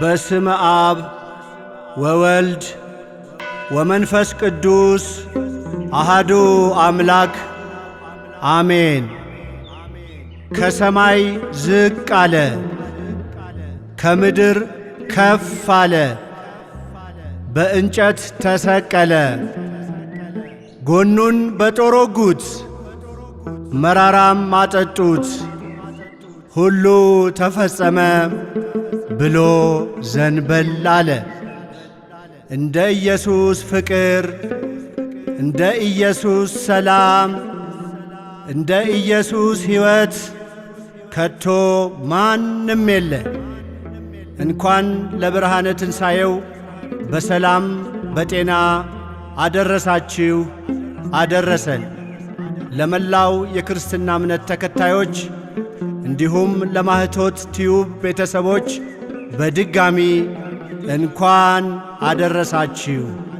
በስመ አብ ወወልድ ወመንፈስ ቅዱስ አሃዱ አምላክ አሜን። ከሰማይ ዝቅ አለ፣ ከምድር ከፍ አለ፣ በእንጨት ተሰቀለ፣ ጎኑን በጦር ወጉት፣ መራራም አጠጡት። ሁሉ ተፈጸመ። ብሎ ዘንበል አለ። እንደ ኢየሱስ ፍቅር፣ እንደ ኢየሱስ ሰላም፣ እንደ ኢየሱስ ሕይወት ከቶ ማንም የለ። እንኳን ለብርሃነ ትንሣኤው በሰላም በጤና አደረሳችሁ አደረሰን። ለመላው የክርስትና እምነት ተከታዮች እንዲሁም ለማኅቶት ቲዩብ ቤተሰቦች በድጋሚ እንኳን አደረሳችሁ።